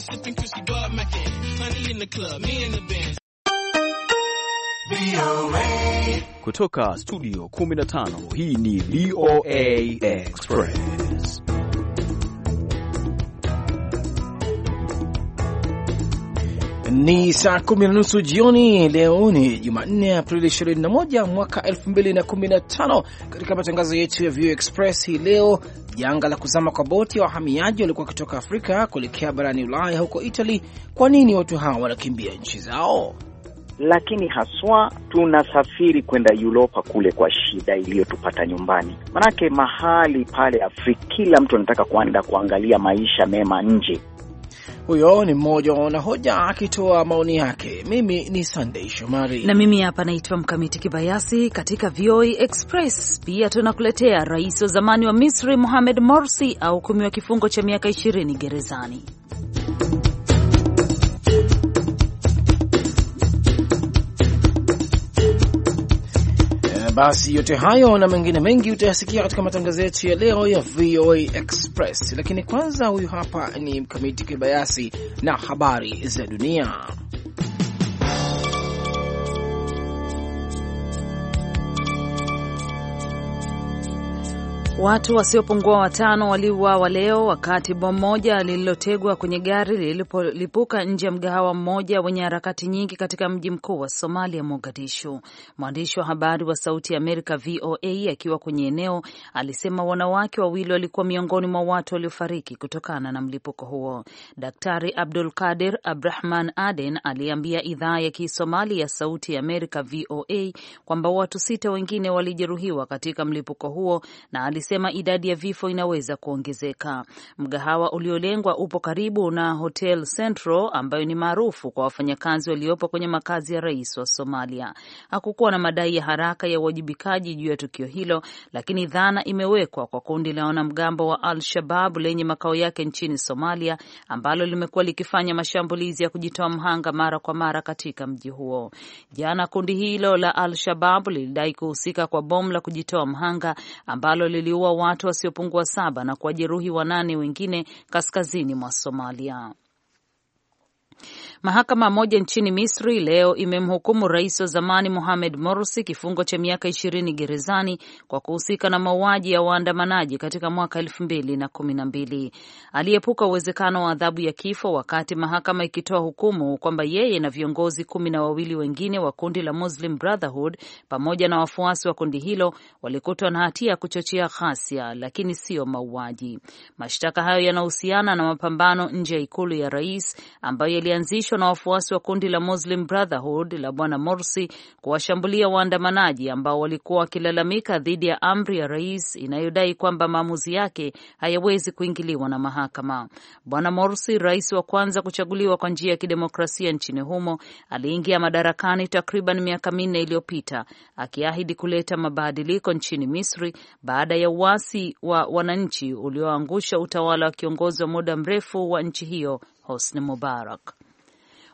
the sipping Chrissy Bob Mackin. Honey in the club, me in the band. Kutoka studio 15 hii ni VOA Express. Ni saa kumi na nusu jioni. Leo ni Jumanne, Aprili 21 mwaka 2015. Katika matangazo yetu ya VOA Express hii leo, janga la kuzama kwa boti ya wa wahamiaji walikuwa kutoka Afrika kuelekea barani Ulaya huko Italy. Kwa nini watu hawa wanakimbia nchi zao? Lakini haswa tunasafiri kwenda Uropa kule kwa shida iliyotupata nyumbani, manake mahali pale Afrika kila mtu anataka kuenda kuangalia maisha mema nje huyo ni mmoja wa wanahoja akitoa maoni yake. Mimi ni sandey Shomari na mimi hapa naitwa Mkamiti Kibayasi. Katika VOA Express pia tunakuletea rais wa zamani wa Misri Mohamed Morsi ahukumiwa kifungo cha miaka 20 gerezani. Basi yote hayo na mengine mengi utayasikia katika matangazo yetu ya leo ya VOA Express, lakini kwanza, huyu hapa ni Mkamiti Kibayasi na habari za dunia. Watu wasiopungua watano waliuawa leo wakati bomu moja lililotegwa kwenye gari lilipolipuka nje ya mgahawa mmoja wenye harakati nyingi katika mji mkuu wa Somalia, Mogadishu. Mwandishi wa habari wa Sauti ya Amerika VOA akiwa kwenye eneo alisema wanawake wawili walikuwa miongoni mwa watu waliofariki kutokana na mlipuko huo. Daktari Abdul Kadir Abrahman Aden aliambia idhaa ya Kisomali ya Sauti ya Amerika VOA kwamba watu sita wengine walijeruhiwa katika mlipuko huo na anasema idadi ya vifo inaweza kuongezeka. Mgahawa uliolengwa upo karibu na Hotel Central ambayo ni maarufu kwa wafanyakazi waliopo kwenye makazi ya rais wa Somalia. Hakukuwa na madai ya haraka ya uwajibikaji juu ya tukio hilo, lakini dhana imewekwa kwa kundi la wanamgambo wa Al Shabab lenye makao yake nchini Somalia ambalo limekuwa likifanya mashambulizi ya kujitoa mhanga mara kwa mara katika mji huo. Jana kundi hilo la Al Shabab lilidai kuhusika kwa bomu la kujitoa mhanga ambalo lili waliua watu wasiopungua saba na kuwajeruhi wanane wengine kaskazini mwa Somalia. Mahakama moja nchini Misri leo imemhukumu rais wa zamani Mohamed Morsi kifungo cha miaka ishirini gerezani kwa kuhusika na mauaji ya waandamanaji katika mwaka elfu mbili na kumi na mbili. Aliepuka uwezekano wa adhabu ya kifo wakati mahakama ikitoa hukumu kwamba yeye na viongozi kumi na wawili wengine wa kundi la Muslim Brotherhood pamoja na wafuasi wa kundi hilo walikutwa na hatia ya kuchochea ghasia, lakini siyo mauaji. Mashtaka hayo yanahusiana na mapambano nje ya ikulu ya rais ambayo ilianzishwa na wafuasi wa kundi la Muslim Brotherhood la Bwana Morsi kuwashambulia waandamanaji ambao walikuwa wakilalamika dhidi ya amri ya rais inayodai kwamba maamuzi yake hayawezi kuingiliwa na mahakama. Bwana Morsi, rais wa kwanza kuchaguliwa kwa njia ya kidemokrasia nchini humo, aliingia madarakani takriban miaka minne iliyopita akiahidi kuleta mabadiliko nchini Misri baada ya uasi wa wananchi ulioangusha utawala wa kiongozi wa muda mrefu wa nchi hiyo حسن مبارک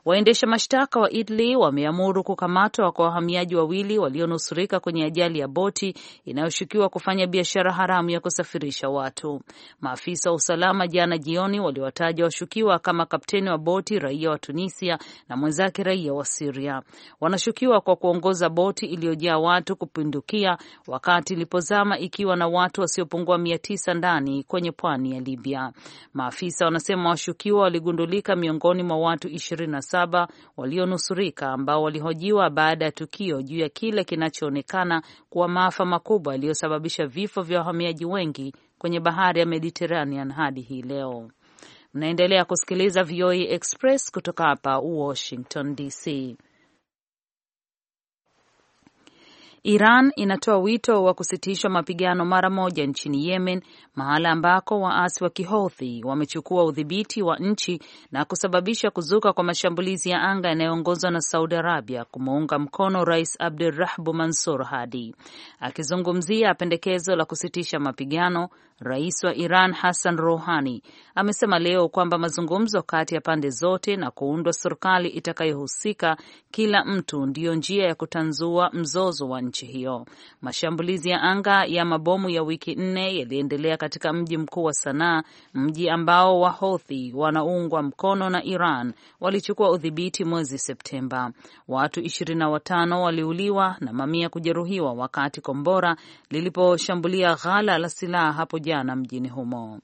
Waendesha mashtaka wa Italy wameamuru kukamatwa kwa wahamiaji wawili walionusurika kwenye ajali ya boti inayoshukiwa kufanya biashara haramu ya kusafirisha watu. Maafisa wa usalama jana jioni waliwataja washukiwa kama kapteni wa boti raia wa Tunisia na mwenzake raia wa Siria. Wanashukiwa kwa kuongoza boti iliyojaa watu kupindukia wakati ilipozama ikiwa na watu wasiopungua mia tisa ndani kwenye pwani ya Libya. Maafisa wanasema washukiwa waligundulika miongoni mwa watu ishirini na saba walionusurika ambao walihojiwa baada ya tukio juu ya kile kinachoonekana kuwa maafa makubwa yaliyosababisha vifo vya wahamiaji wengi kwenye bahari ya Mediterranean hadi hii leo. Mnaendelea kusikiliza VOA e Express kutoka hapa Washington DC. Iran inatoa wito wa kusitishwa mapigano mara moja nchini Yemen, mahala ambako waasi wa Kihouthi wamechukua udhibiti wa nchi na kusababisha kuzuka kwa mashambulizi ya anga yanayoongozwa na Saudi Arabia kumuunga mkono Rais Abdurrahbu Mansur Hadi. Akizungumzia pendekezo la kusitisha mapigano, Rais wa Iran Hassan Rouhani amesema leo kwamba mazungumzo kati ya pande zote na kuundwa serikali itakayohusika kila mtu ndiyo njia ya kutanzua mzozo wa nchi hiyo. Mashambulizi ya anga ya mabomu ya wiki nne yaliendelea katika mji mkuu wa Sanaa, mji ambao Wahothi wanaungwa mkono na Iran walichukua udhibiti mwezi Septemba. Watu 25 waliuliwa na mamia kujeruhiwa wakati kombora liliposhambulia ghala la silaha hapo jana kukabiliana mjini humo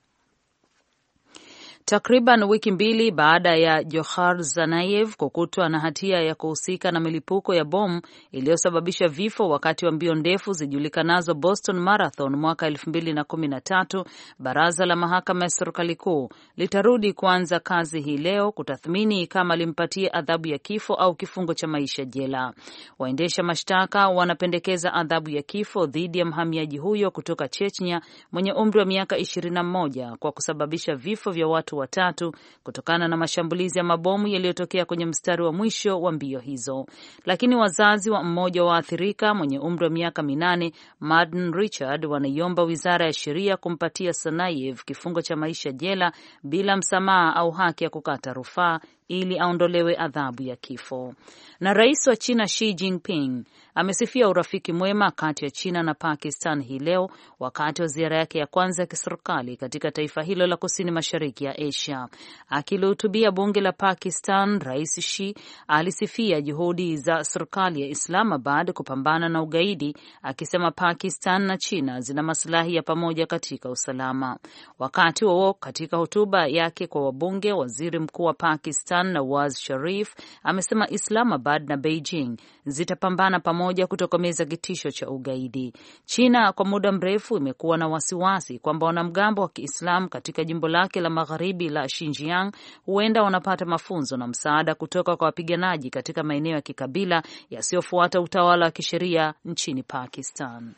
takriban wiki mbili baada ya Johar Zanayev kukutwa na hatia ya kuhusika na milipuko ya bomu iliyosababisha vifo wakati wa mbio ndefu zijulikanazo Boston Marathon mwaka 2013, baraza la mahakama ya serikali kuu litarudi kuanza kazi hii leo kutathmini kama limpatie adhabu ya kifo au kifungo cha maisha jela. Waendesha mashtaka wanapendekeza adhabu ya kifo dhidi ya mhamiaji huyo kutoka Chechnya mwenye umri wa miaka 21 kwa kusababisha vifo vya watu watu watatu kutokana na mashambulizi ya mabomu yaliyotokea kwenye mstari wa mwisho wa mbio hizo, lakini wazazi wa mmoja wa athirika mwenye umri wa miaka minane Marden Richard wanaiomba wizara ya sheria kumpatia Sanayev kifungo cha maisha jela bila msamaha au haki ya kukata rufaa ili aondolewe adhabu ya kifo. Na rais wa China Xi Jinping amesifia urafiki mwema kati ya China na Pakistan hii leo wakati wa ziara yake ya kwanza ya kiserikali katika taifa hilo la kusini mashariki ya Asia. Akilihutubia bunge la Pakistan, Rais Shi alisifia juhudi za serikali ya Islamabad kupambana na ugaidi, akisema Pakistan na China zina masilahi ya pamoja katika usalama. Wakati huo, katika hotuba yake kwa wabunge, waziri mkuu wa Pakistan Nawaz Sharif amesema Islamabad na Beijing zitapambana pamoja pamoja kutokomeza kitisho cha ugaidi. China kwa muda mrefu imekuwa na wasiwasi kwamba wanamgambo wa Kiislamu katika jimbo lake la magharibi la Xinjiang huenda wanapata mafunzo na msaada kutoka kwa wapiganaji katika maeneo ya kikabila yasiyofuata utawala wa kisheria nchini Pakistan.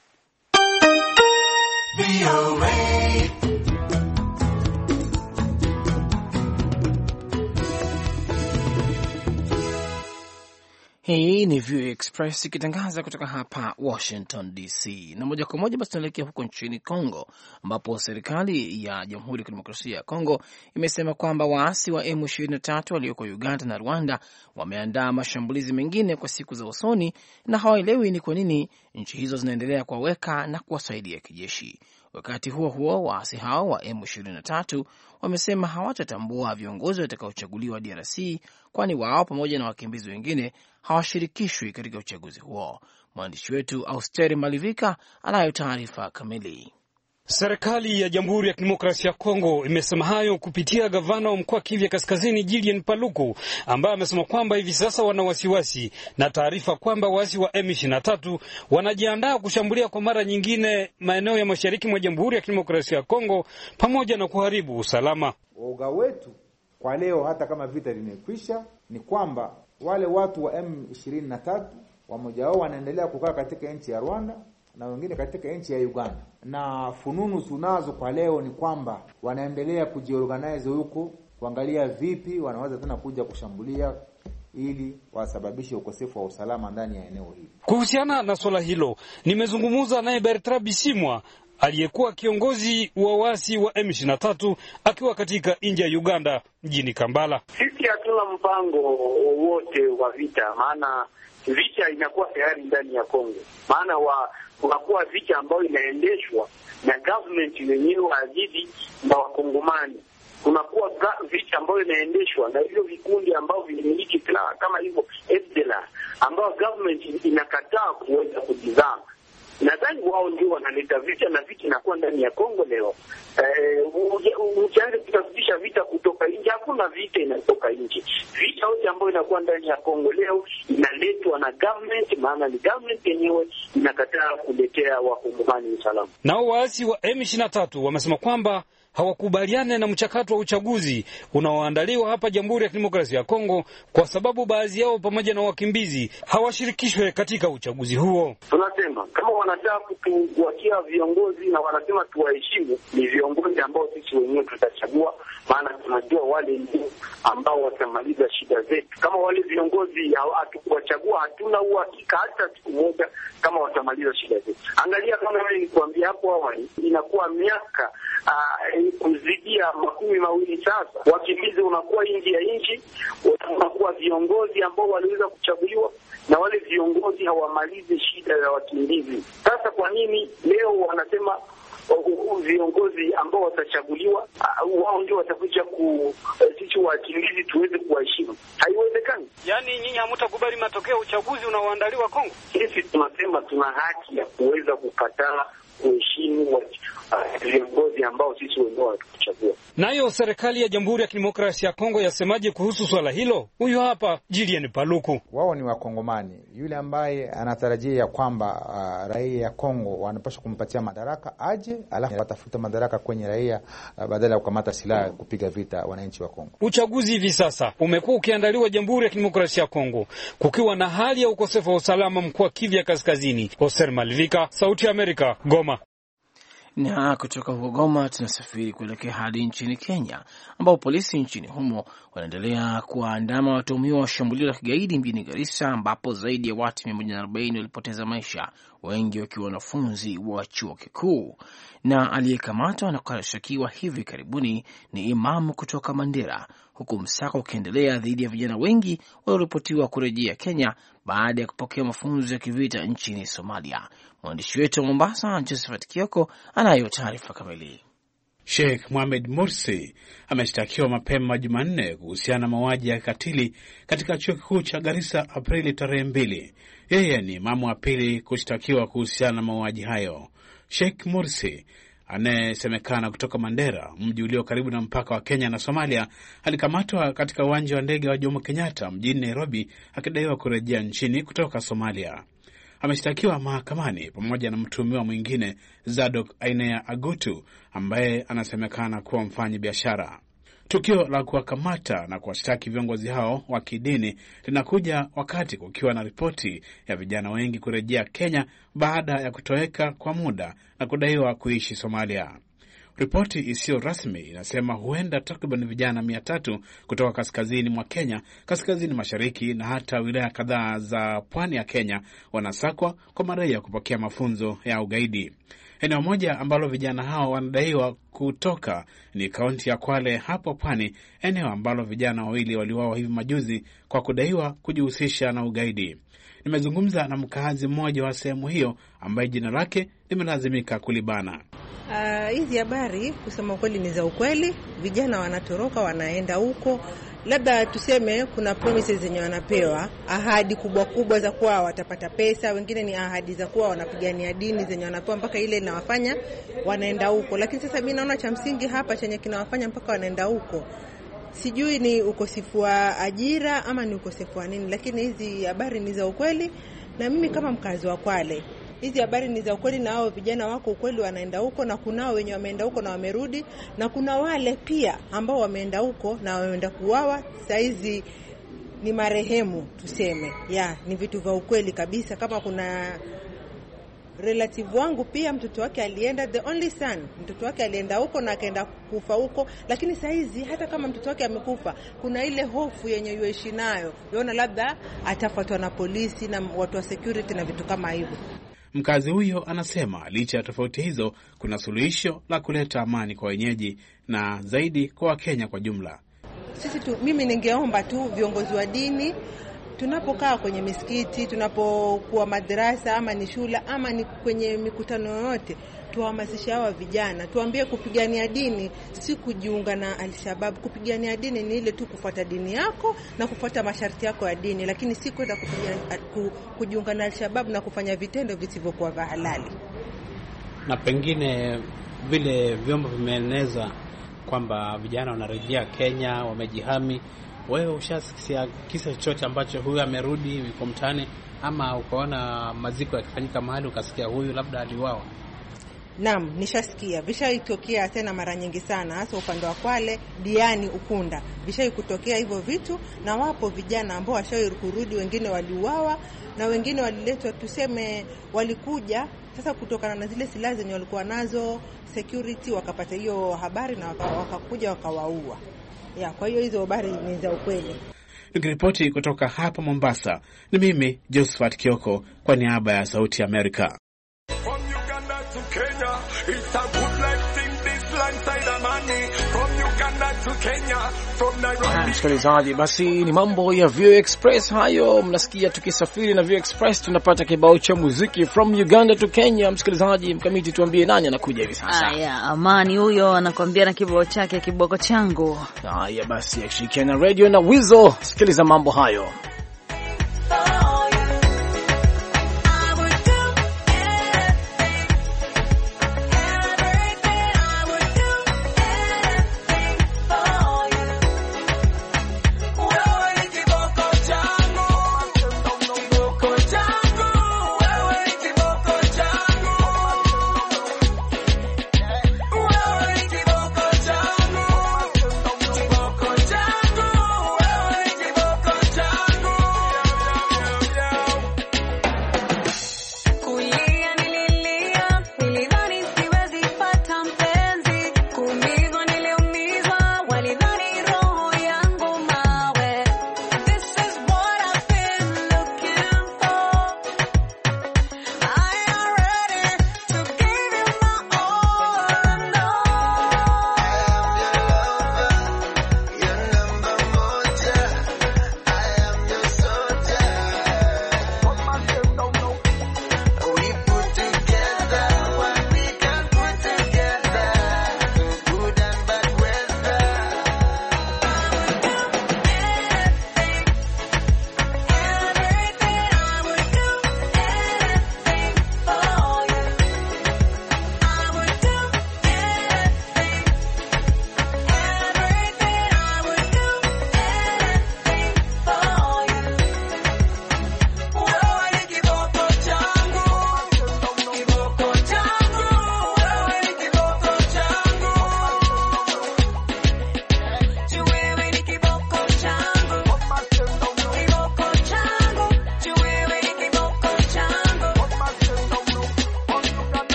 Hii ni VOA Express ikitangaza kutoka hapa Washington DC, na moja kwa moja basi tunaelekea huko nchini Congo, ambapo serikali ya Jamhuri ya Kidemokrasia ya Kongo imesema kwamba waasi wa M23 walioko Uganda na Rwanda wameandaa mashambulizi mengine kwa siku za usoni, na hawaelewi ni kwa nini nchi hizo zinaendelea kuwaweka na kuwasaidia kijeshi. Wakati huo huo, waasi hao wa M23 wamesema hawatatambua viongozi watakaochaguliwa DRC, kwani wao pamoja na wakimbizi wengine hawashirikishwi katika uchaguzi huo. Mwandishi wetu Austeri Malivika anayo taarifa kamili. Serikali ya Jamhuri ya Kidemokrasia ya Kongo imesema hayo kupitia gavana wa mkoa Kivu Kaskazini, Julien Paluku, ambaye amesema kwamba hivi sasa wana wasiwasi na taarifa kwamba waasi wa M23 wanajiandaa kushambulia kwa mara nyingine maeneo ya mashariki mwa Jamhuri ya Kidemokrasia ya Kongo pamoja na kuharibu usalama. Woga wetu kwa leo, hata kama vita limekwisha, ni kwamba wale watu wa M23 wamoja wao wanaendelea kukaa katika nchi ya Rwanda na wengine katika nchi ya Uganda. Na fununu tunazo kwa leo ni kwamba wanaendelea kujiorganize huko kuangalia vipi wanaweza tena kuja kushambulia ili wasababishe ukosefu wa usalama ndani ya eneo hili. Kuhusiana na swala hilo, nimezungumza naye Bertrand Bisimwa aliyekuwa kiongozi wa wasi wa M23 akiwa katika nje ya Uganda mjini Kampala. Sisi hatuna mpango wowote wa vita maana vita inakuwa tayari ndani ya Kongo, maana wa kunakuwa vita ambayo inaendeshwa na government wenyewe wazidi na Wakongomani. Kunakuwa vita ambayo inaendeshwa na hivyo vikundi ambavyo vimiliki silaha kama hivyo FDLR, ambayo government inakataa kuweza kujizama Nadhani wao ndio wanaleta vita na vita inakuwa ndani ya Kongo leo. Eh, Ukianza kutafutisha vita kutoka nje, hakuna vita inatoka nje. Vita yote ambayo inakuwa ndani ya Kongo leo inaletwa na government, maana ni government yenyewe inakataa kuletea wakongomani usalama. Nao waasi wa M23 wamesema kwamba hawakubaliane na mchakato wa uchaguzi unaoandaliwa hapa Jamhuri ya Kidemokrasia ya Kongo, kwa sababu baadhi yao pamoja na wakimbizi hawashirikishwe katika uchaguzi huo. Tunasema kama wanataka kutuwakia viongozi na wanasema tuwaheshimu, ni viongozi ambao sisi wenyewe tutachagua, maana tunajua wale ndio ambao watamaliza shida zetu. Kama wale viongozi hatukuwachagua, hatuna uhakika hata siku moja kama watamaliza shida zetu. Angalia, kama vile hapo awali, inakuwa miaka uh, kuzidia makumi mawili sasa, wakimbizi unakuwa nje ya nchi, unakuwa viongozi ambao waliweza kuchaguliwa na wale viongozi hawamalizi shida ya wakimbizi. Sasa kwa nini leo wanasema uh, uh, uh, viongozi ambao watachaguliwa wao ndio watakuja ku sisi wakimbizi tuweze kuwaheshimu? Haiwezekani. Yaani nyinyi hamtakubali matokeo ya uchaguzi unaoandaliwa Kongo? Sisi tunasema tuna haki ya kuweza kukataa kuheshimu viongozi ambao sisi wenyewe hatukuchagua. Nayo serikali ya Jamhuri ya Kidemokrasia ya Kongo yasemaje kuhusu swala hilo? Huyo hapa Julian Paluku. Wao ni Wakongomani, yule ambaye anatarajia ya kwamba uh, raia ya Kongo wanapaswa kumpatia madaraka aje, alafu watafuta madaraka kwenye raia uh, badala ya kukamata silaha kupiga vita wananchi wa Kongo. Uchaguzi hivi sasa umekuwa ukiandaliwa Jamhuri ya Kidemokrasia ya Kongo kukiwa na hali ya ukosefu wa usalama mkoa Kivu ya Kaskazini. Hoser Malivika, Sauti ya Amerika, Goma. Na kutoka huko Goma tunasafiri kuelekea hadi nchini Kenya, ambapo polisi nchini humo wanaendelea kuwaandama watuhumiwa wa shambulio la kigaidi mjini Garissa, ambapo zaidi ya watu 140 walipoteza maisha, wengi wakiwa wanafunzi wa chuo kikuu. Na aliyekamatwa na kushtakiwa hivi karibuni ni imamu kutoka Mandera, huku msako ukiendelea dhidi ya vijana wengi walioripotiwa kurejea Kenya baada ya kupokea mafunzo ya kivita nchini Somalia. Mwandishi wetu wa Mombasa, Josephat Kioko, anayo taarifa kamili. Sheikh Mohamed Mursi ameshtakiwa mapema Jumanne kuhusiana na mauaji ya katili katika chuo kikuu cha Garissa Aprili tarehe mbili. Yeye ni imamu wa pili kushtakiwa kuhusiana na mauaji hayo. Sheikh Mursi anayesemekana kutoka Mandera, mji ulio karibu na mpaka wa Kenya na Somalia, alikamatwa katika uwanja wa ndege wa Jomo Kenyatta mjini Nairobi akidaiwa kurejea nchini kutoka Somalia. Ameshtakiwa mahakamani pamoja na mtuhumiwa mwingine Zadok Ainea Agutu ambaye anasemekana kuwa mfanyi biashara. Tukio la kuwakamata na kuwashtaki viongozi hao wa kidini linakuja wakati kukiwa na ripoti ya vijana wengi kurejea Kenya baada ya kutoweka kwa muda na kudaiwa kuishi Somalia. Ripoti isiyo rasmi inasema huenda takriban vijana mia tatu kutoka kaskazini mwa Kenya, kaskazini mashariki na hata wilaya kadhaa za pwani ya Kenya wanasakwa kwa madai ya kupokea mafunzo ya ugaidi. Eneo moja ambalo vijana hao wanadaiwa kutoka ni kaunti ya Kwale hapo Pwani, eneo ambalo vijana wawili waliuawa hivi majuzi kwa kudaiwa kujihusisha na ugaidi. Nimezungumza na mkaazi mmoja wa sehemu hiyo ambaye jina lake limelazimika kulibana. Ah, hizi uh, habari kusema ukweli ni za ukweli. Vijana wanatoroka wanaenda huko labda tuseme kuna promises zenye wanapewa, ahadi kubwa kubwa za kuwa watapata pesa, wengine ni ahadi za kuwa wanapigania dini zenye wanapewa mpaka ile inawafanya wanaenda huko. Lakini sasa mi naona cha msingi hapa chenye kinawafanya mpaka wanaenda huko sijui ni ukosefu wa ajira ama ni ukosefu wa nini, lakini hizi habari ni za ukweli, na mimi kama mkazi wa Kwale hizi habari ni za ukweli, na hao vijana wako ukweli, wanaenda huko, na kunao wenye wameenda huko na wamerudi, na kuna wale pia ambao wameenda huko na wameenda kuwawa saizi ni marehemu tuseme, ya ni vitu vya ukweli kabisa. Kama kuna relative wangu pia mtoto wake alienda, the only son, mtoto wake alienda huko na akaenda kufa huko, lakini saizi hata kama mtoto wake amekufa, kuna ile hofu yenye yuishi nayo, yona labda atafuatwa na polisi na watu wa security na vitu kama hivyo. Mkazi huyo anasema licha ya tofauti hizo, kuna suluhisho la kuleta amani kwa wenyeji na zaidi kwa Wakenya kwa jumla. Sisi tu, mimi ningeomba tu viongozi wa dini tunapokaa kwenye misikiti, tunapokuwa madarasa ama ni shule ama ni kwenye mikutano yoyote tuwahamasishe hawa vijana, tuambie kupigania dini si kujiunga na Alshababu. Kupigania dini ni ile tu kufuata dini yako na kufuata masharti yako ya dini, lakini si kwenda kujiunga na Alshababu na kufanya vitendo visivyokuwa vya halali. Na pengine vile vyombo vimeeneza kwamba vijana wanarejea Kenya wamejihami. Wewe ushasikia kisa chochote ambacho huyu amerudi yuko mtaani, ama ukaona maziko yakifanyika mahali ukasikia huyu labda aliwawa Naam, nishasikia vishaitokea tena mara nyingi sana, hasa upande wa Kwale, Diani, Ukunda vishaikutokea hivyo vitu, na wapo vijana ambao washawahi kurudi, wengine waliuawa na wengine waliletwa, tuseme walikuja sasa kutokana na zile silaha zenye walikuwa nazo security, wakapata hiyo habari na wakakuja wakawaua. Ya, kwa hiyo hizo habari ni za ukweli. Nikiripoti kutoka hapa Mombasa, ni mimi Josephat Kioko kwa niaba ya Sauti ya Amerika. Msikilizaji, basi ni mambo ya Vio Express hayo, mnasikia tukisafiri na Vio Express tunapata kibao cha muziki from Uganda to Kenya. Msikilizaji mkamiti, tuambie nani anakuja hivi sasa? Haya, Amani huyo anakuambia na kibao chake, kiboko changu. Haya basi, akishirikiana na radio na Wizo, sikiliza mambo hayo.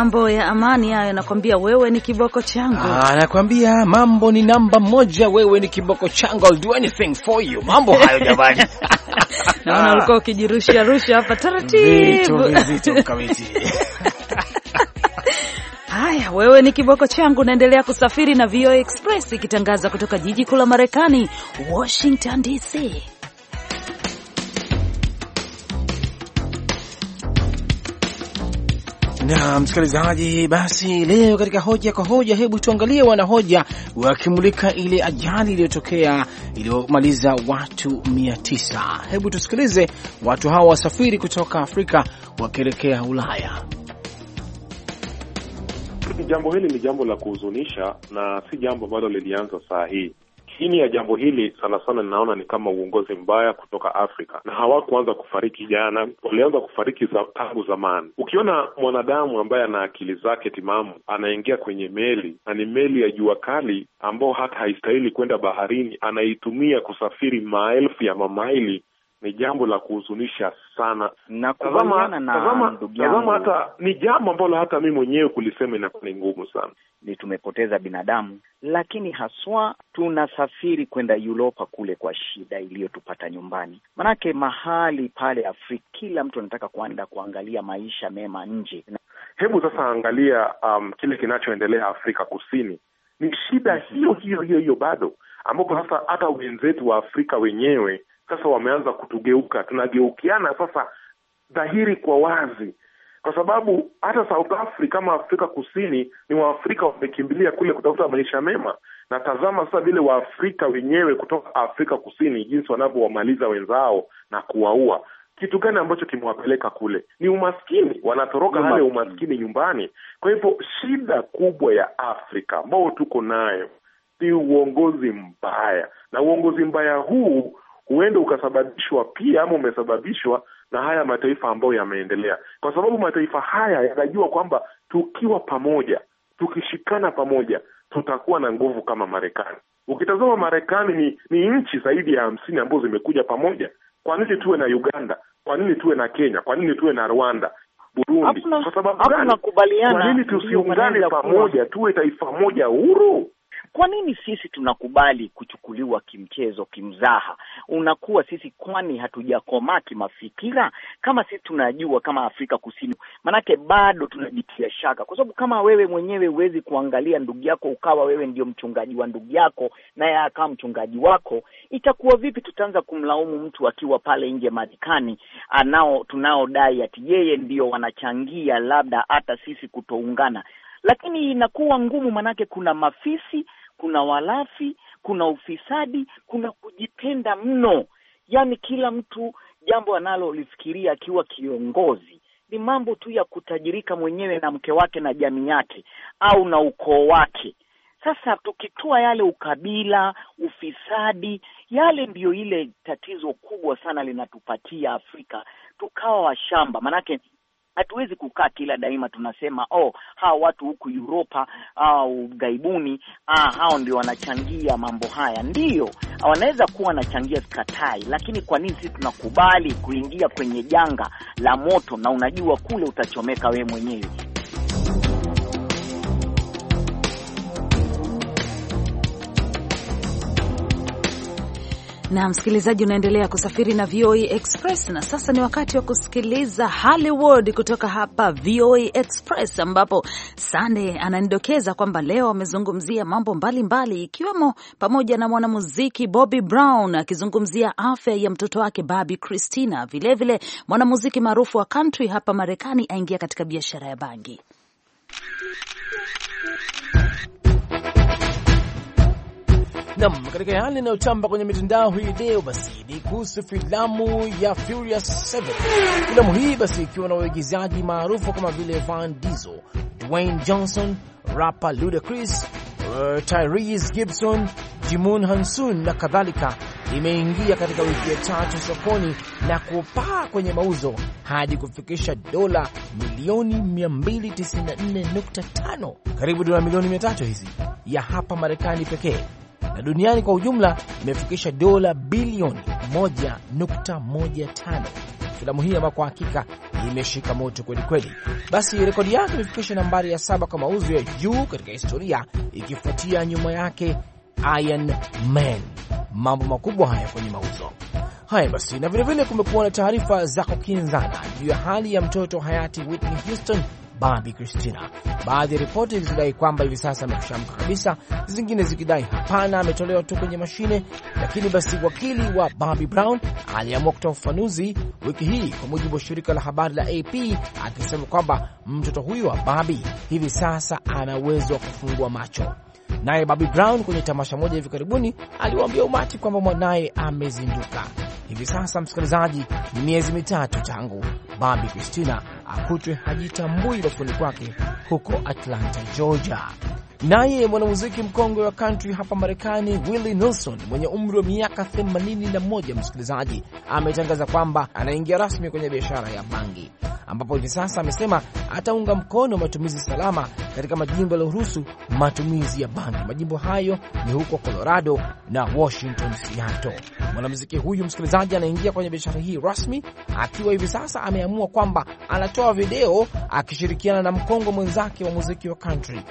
mambo ya amani hayo, nakwambia wewe ni kiboko changu. Ah, nakwambia mambo ni namba moja, wewe ni kiboko changu, I'll do anything for you. Mambo hayo jamani. Naona ulikuwa ukijirusha rusha hapa taratibu. Vitu vizito Haya, wewe ni kiboko changu. Naendelea kusafiri na VOA Express ikitangaza kutoka jiji kuu la Marekani, Washington DC. na msikilizaji, basi leo katika hoja kwa hoja, hebu tuangalie wanahoja wakimulika ile ajali iliyotokea iliyomaliza watu mia tisa. Hebu tusikilize watu hawa wasafiri kutoka Afrika wakielekea Ulaya. Jambo hili ni jambo la kuhuzunisha na si jambo ambalo lilianza saa hii. Chini ya jambo hili sana sana ninaona ni kama uongozi mbaya kutoka Afrika, na hawakuanza kufariki jana, walianza kufariki za, tangu zamani. Ukiona mwanadamu ambaye ana akili zake timamu anaingia kwenye meli na ni meli ya jua kali ambao hata haistahili kwenda baharini, anaitumia kusafiri maelfu ya mamaili ni jambo la kuhuzunisha sana. Nakubaliana na ndugu tazama hata ni jambo ambalo hata mi mwenyewe kulisema inakuwa ni ngumu sana. Ni tumepoteza binadamu, lakini haswa tunasafiri kwenda Uropa kule kwa shida iliyotupata nyumbani, manake mahali pale Afrika kila mtu anataka kuenda kuangalia maisha mema nje. Hebu sasa angalia um, kile kinachoendelea Afrika Kusini ni shida hiyo hiyo hiyo hiyo bado, ambapo sasa hata wenzetu wa Afrika wenyewe sasa wameanza kutugeuka, tunageukiana sasa dhahiri kwa wazi, kwa sababu hata South Africa kama Afrika Kusini ni Waafrika wamekimbilia kule kutafuta maisha mema, na tazama sasa vile Waafrika wenyewe kutoka Afrika Kusini jinsi wanavyowamaliza wenzao na kuwaua. Kitu gani ambacho kimewapeleka kule? Ni umaskini, wanatoroka hali ya umaskini nyumbani. Kwa hivyo shida kubwa ya Afrika ambao tuko nayo ni uongozi mbaya, na uongozi mbaya huu huenda ukasababishwa pia ama umesababishwa na haya mataifa ambayo yameendelea, kwa sababu mataifa haya yanajua kwamba tukiwa pamoja, tukishikana pamoja, tutakuwa na nguvu kama Marekani. Ukitazama Marekani ni, ni nchi zaidi ya hamsini ambazo zimekuja pamoja. Kwa nini tuwe na Uganda? Kwa nini tuwe na Kenya? Kwa nini tuwe na Rwanda, Burundi? Kwa sababu gani? Kwa nini tusiungane pamoja, tuwe taifa moja huru? Kwa nini sisi tunakubali kuchukuliwa kimchezo, kimzaha? Unakuwa sisi kwani hatujakomaa kimafikira? Kama sisi tunajua kama Afrika Kusini, manake bado tunajitia shaka, kwa sababu kama wewe mwenyewe huwezi kuangalia ndugu yako ukawa wewe ndio mchungaji wa ndugu yako, naye ya akawa mchungaji wako, itakuwa vipi? Tutaanza kumlaumu mtu akiwa pale nje Marekani anao tunaodai ati yeye ndio wanachangia labda hata sisi kutoungana, lakini inakuwa ngumu, manake kuna mafisi kuna walafi, kuna ufisadi, kuna kujipenda mno. Yaani kila mtu jambo analolifikiria akiwa kiongozi ni mambo tu ya kutajirika mwenyewe na mke wake na jamii yake au na ukoo wake. Sasa tukitoa yale ukabila, ufisadi, yale ndiyo ile tatizo kubwa sana linatupatia Afrika, tukawa washamba. Maanake Hatuwezi kukaa kila daima tunasema oh, hawa watu huku Uropa au gaibuni, ah, hao ndio wanachangia mambo haya. Ndiyo, wanaweza kuwa wanachangia, sikatai, lakini kwa nini sisi tunakubali kuingia kwenye janga la moto na unajua kule utachomeka wewe mwenyewe? na msikilizaji, unaendelea kusafiri na VOA e Express na sasa ni wakati wa kusikiliza Hollywood kutoka hapa VOA e Express, ambapo Sande ananidokeza kwamba leo amezungumzia mambo mbalimbali, ikiwemo pamoja na mwanamuziki Bobby Brown akizungumzia afya ya mtoto wake Bobby Christina. Vilevile mwanamuziki maarufu wa country hapa Marekani aingia katika biashara ya bangi Nam, katika yale yanayotamba kwenye mitandao hii leo basi ni kuhusu filamu ya Furious 7. Filamu hii basi ikiwa na waigizaji maarufu kama vile Van Diesel, Dwayne Johnson, rapa Ludacris, uh, Tyrese Gibson, Jimun Hansun na kadhalika, imeingia katika wiki ya tatu sokoni na kupaa kwenye mauzo hadi kufikisha dola milioni 294.5, karibu dola milioni 300 hizi ya hapa Marekani pekee na duniani kwa ujumla imefikisha dola bilioni 1.15. Filamu hii ambayo kwa hakika imeshika moto kweli kweli. Basi rekodi yake imefikisha nambari ya saba kwa mauzo ya juu katika historia, ikifuatia nyuma yake Iron Man. Mambo makubwa haya kwenye mauzo haya. Basi na vilevile kumekuwa na taarifa za kukinzana juu ya hali ya mtoto hayati Whitney Houston Babi Kristina. Baadhi ya ripoti zinadai kwamba hivi sasa amekushamka kabisa, zingine zikidai hapana, ametolewa tu kwenye mashine. Lakini basi wakili wa Babi Brown aliamua kutoa ufafanuzi wiki hii, kwa mujibu wa shirika la habari la AP, akisema kwamba mtoto huyu wa Babi hivi sasa ana uwezo wa kufungua macho. Naye babi Brown kwenye tamasha moja hivi karibuni aliwaambia umati kwamba mwanaye amezinduka. Hivi sasa, msikilizaji, ni miezi mitatu tangu babi Christina akutwe hajitambui bafuni kwake huko Atlanta, Georgia. Naye mwanamuziki mkongwe wa country hapa Marekani, Willie Nelson mwenye umri wa miaka 81, msikilizaji, ametangaza kwamba anaingia rasmi kwenye biashara ya bangi ambapo hivi sasa amesema ataunga mkono matumizi salama katika majimbo yaliyoruhusu matumizi ya bangi. Majimbo hayo ni huko Colorado na Washington Seattle. Mwanamuziki huyu msikilizaji, anaingia kwenye biashara hii rasmi akiwa hivi sasa ameamua kwamba anatoa video akishirikiana na mkongo mwenzake wa muziki wa country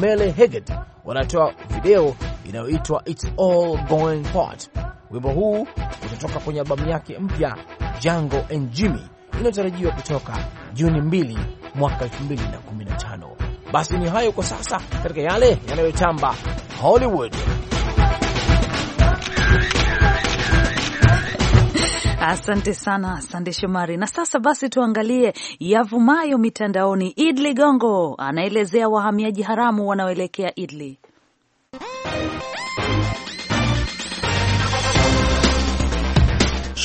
Mele Heget, wanatoa video inayoitwa It's All Going Pot. Wimbo huu utatoka kwenye albamu yake mpya Django and Jimmy inayotarajiwa kutoka Juni 2 mwaka 2015. Basi ni hayo kwa sasa katika yale yanayotamba Hollywood. Asante sana Sande Shomari. Na sasa basi tuangalie yavumayo mitandaoni. Idli Gongo anaelezea wahamiaji haramu wanaoelekea Idli.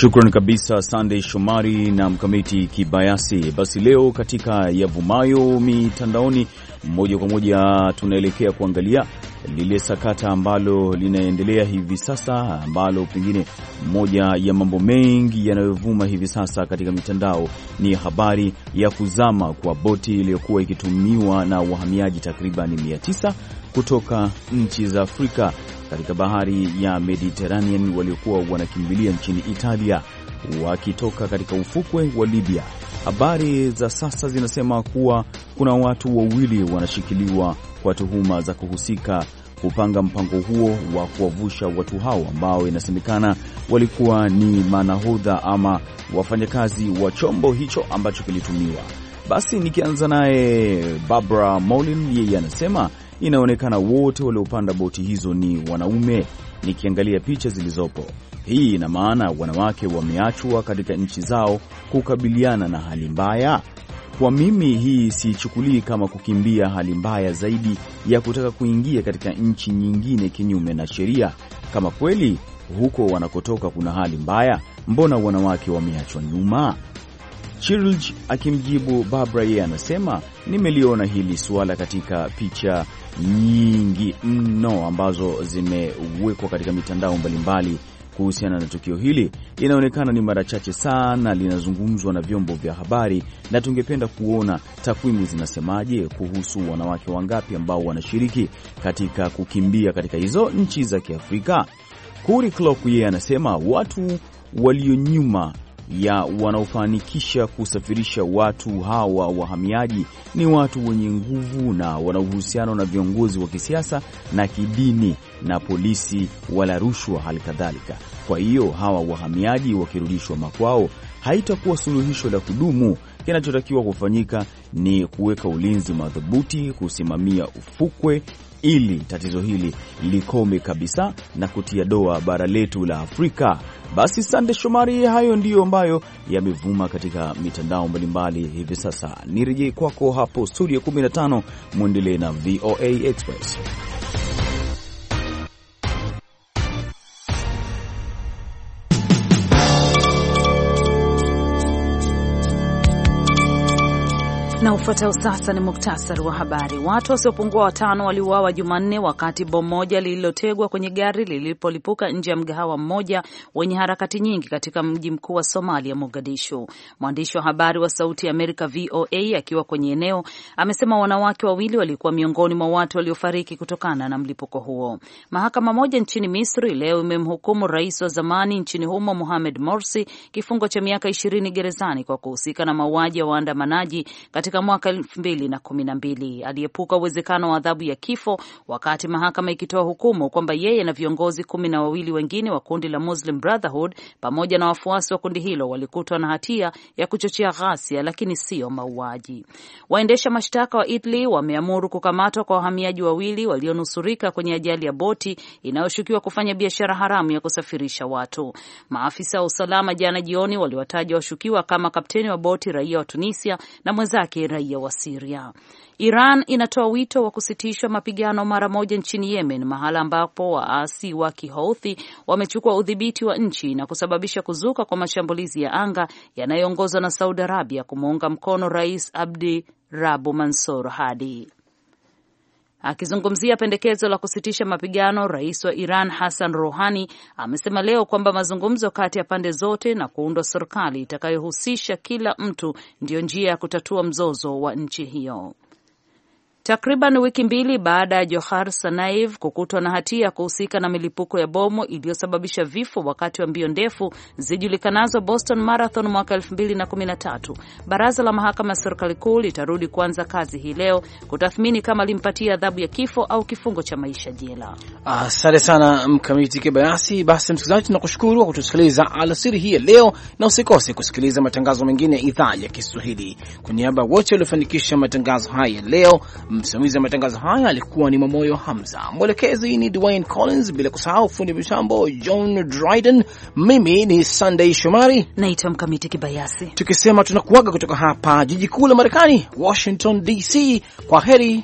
Shukran kabisa Sandey Shomari na Mkamiti Kibayasi. Basi leo katika yavumayo mitandaoni, moja kwa moja tunaelekea kuangalia lile sakata ambalo linaendelea hivi sasa, ambalo pengine moja ya mambo mengi yanayovuma hivi sasa katika mitandao ni habari ya kuzama kwa boti iliyokuwa ikitumiwa na wahamiaji takriban 9 kutoka nchi za Afrika katika bahari ya Mediterranean waliokuwa wanakimbilia nchini Italia wakitoka katika ufukwe wa Libya. Habari za sasa zinasema kuwa kuna watu wawili wanashikiliwa kwa tuhuma za kuhusika kupanga mpango huo wa kuwavusha watu hao ambao inasemekana walikuwa ni manahodha ama wafanyakazi wa chombo hicho ambacho kilitumiwa. Basi nikianza naye Barbara Molin, yeye anasema inaonekana wote waliopanda boti hizo ni wanaume. Nikiangalia picha zilizopo, hii ina maana wanawake wameachwa katika nchi zao kukabiliana na hali mbaya. Kwa mimi hii siichukulii kama kukimbia hali mbaya, zaidi ya kutaka kuingia katika nchi nyingine kinyume na sheria. Kama kweli huko wanakotoka kuna hali mbaya, mbona wanawake wameachwa nyuma? Chirlj akimjibu Babra, yeye anasema nimeliona hili suala katika picha nyingi mno ambazo zimewekwa katika mitandao mbalimbali kuhusiana na tukio hili. Inaonekana ni mara chache sana linazungumzwa na vyombo vya habari, na tungependa kuona takwimu zinasemaje kuhusu wanawake wangapi ambao wanashiriki katika kukimbia katika hizo nchi za Kiafrika. Kuri Clock yeye anasema watu walio nyuma ya wanaofanikisha kusafirisha watu hawa wahamiaji ni watu wenye nguvu na wana uhusiano na viongozi wa kisiasa na kidini na polisi wala rushwa hali kadhalika. Kwa hiyo hawa wahamiaji wakirudishwa makwao, haitakuwa suluhisho la kudumu. Kinachotakiwa kufanyika ni kuweka ulinzi madhubuti, kusimamia ufukwe ili tatizo hili likome kabisa na kutia doa bara letu la Afrika. Basi sande Shomari, hayo ndiyo ambayo yamevuma katika mitandao mbalimbali hivi sasa. Nirejee kwako hapo studio 15, mwendelee na VOA Express. Na ufuatao sasa ni muktasari wa habari. Watu wasiopungua watano waliuawa Jumanne wakati bomu moja lililotegwa kwenye gari lilipolipuka nje ya mgahawa mmoja wenye harakati nyingi katika mji mkuu wa Somalia, Mogadishu. Mwandishi wa habari wa Sauti ya Amerika VOA akiwa kwenye eneo amesema wanawake wawili walikuwa miongoni mwa watu waliofariki kutokana na mlipuko huo. Mahakama moja nchini Misri leo imemhukumu rais wa zamani nchini humo Mohamed Morsi kifungo cha miaka ishirini gerezani kwa kuhusika na mauaji ya waandamanaji katika katika mwaka elfu mbili na kumi na mbili. Aliepuka uwezekano wa adhabu ya kifo wakati mahakama ikitoa hukumu kwamba yeye na viongozi kumi na wawili wengine wa kundi la Muslim Brotherhood pamoja na wafuasi wa kundi hilo walikutwa na hatia ya kuchochea ghasia, lakini siyo mauaji. Waendesha mashtaka wa Italy wameamuru kukamatwa kwa wahamiaji wawili walionusurika kwenye ajali ya boti inayoshukiwa kufanya biashara haramu ya kusafirisha watu. Maafisa wa usalama jana jioni waliwataja washukiwa kama kapteni wa boti raia wa Tunisia na mwenzake raia wa Siria. Iran inatoa wito wa kusitishwa mapigano mara moja nchini Yemen, mahala ambapo waasi wa Kihouthi wamechukua udhibiti wa nchi na kusababisha kuzuka kwa mashambulizi ya anga yanayoongozwa na Saudi Arabia kumuunga mkono Rais Abdi Rabu Mansur Hadi. Akizungumzia pendekezo la kusitisha mapigano, rais wa Iran Hassan Rouhani amesema leo kwamba mazungumzo kati ya pande zote na kuundwa serikali itakayohusisha kila mtu ndiyo njia ya kutatua mzozo wa nchi hiyo takriban wiki mbili baada ya Johar Sanaiv kukutwa na hatia ya kuhusika na milipuko ya bomu iliyosababisha vifo wakati wa mbio ndefu zijulikanazo Boston Marathon mwaka 2013. Baraza la mahakama ya serikali kuu litarudi kuanza kazi hii leo kutathmini kama limpatia adhabu ya kifo au kifungo cha maisha jela. Asante ah, sana Mkamiti Kibayasi. Basi msikilizaji, tunakushukuru kwa kutusikiliza alasiri hii ya leo, na usikose kusikiliza matangazo mengine ya idhaa ya Kiswahili. Kwa niaba ya wote waliofanikisha matangazo haya ya leo Msimamizi wa matangazo haya alikuwa ni Mamoyo Hamza, mwelekezi ni Dwayne Collins, bila kusahau fundi mitambo John Dryden. Mimi ni Sunday Shomari naitwa Mkamiti Kibayasi, tukisema tunakuaga kutoka hapa jiji kuu la Marekani, Washington DC. Kwa heri.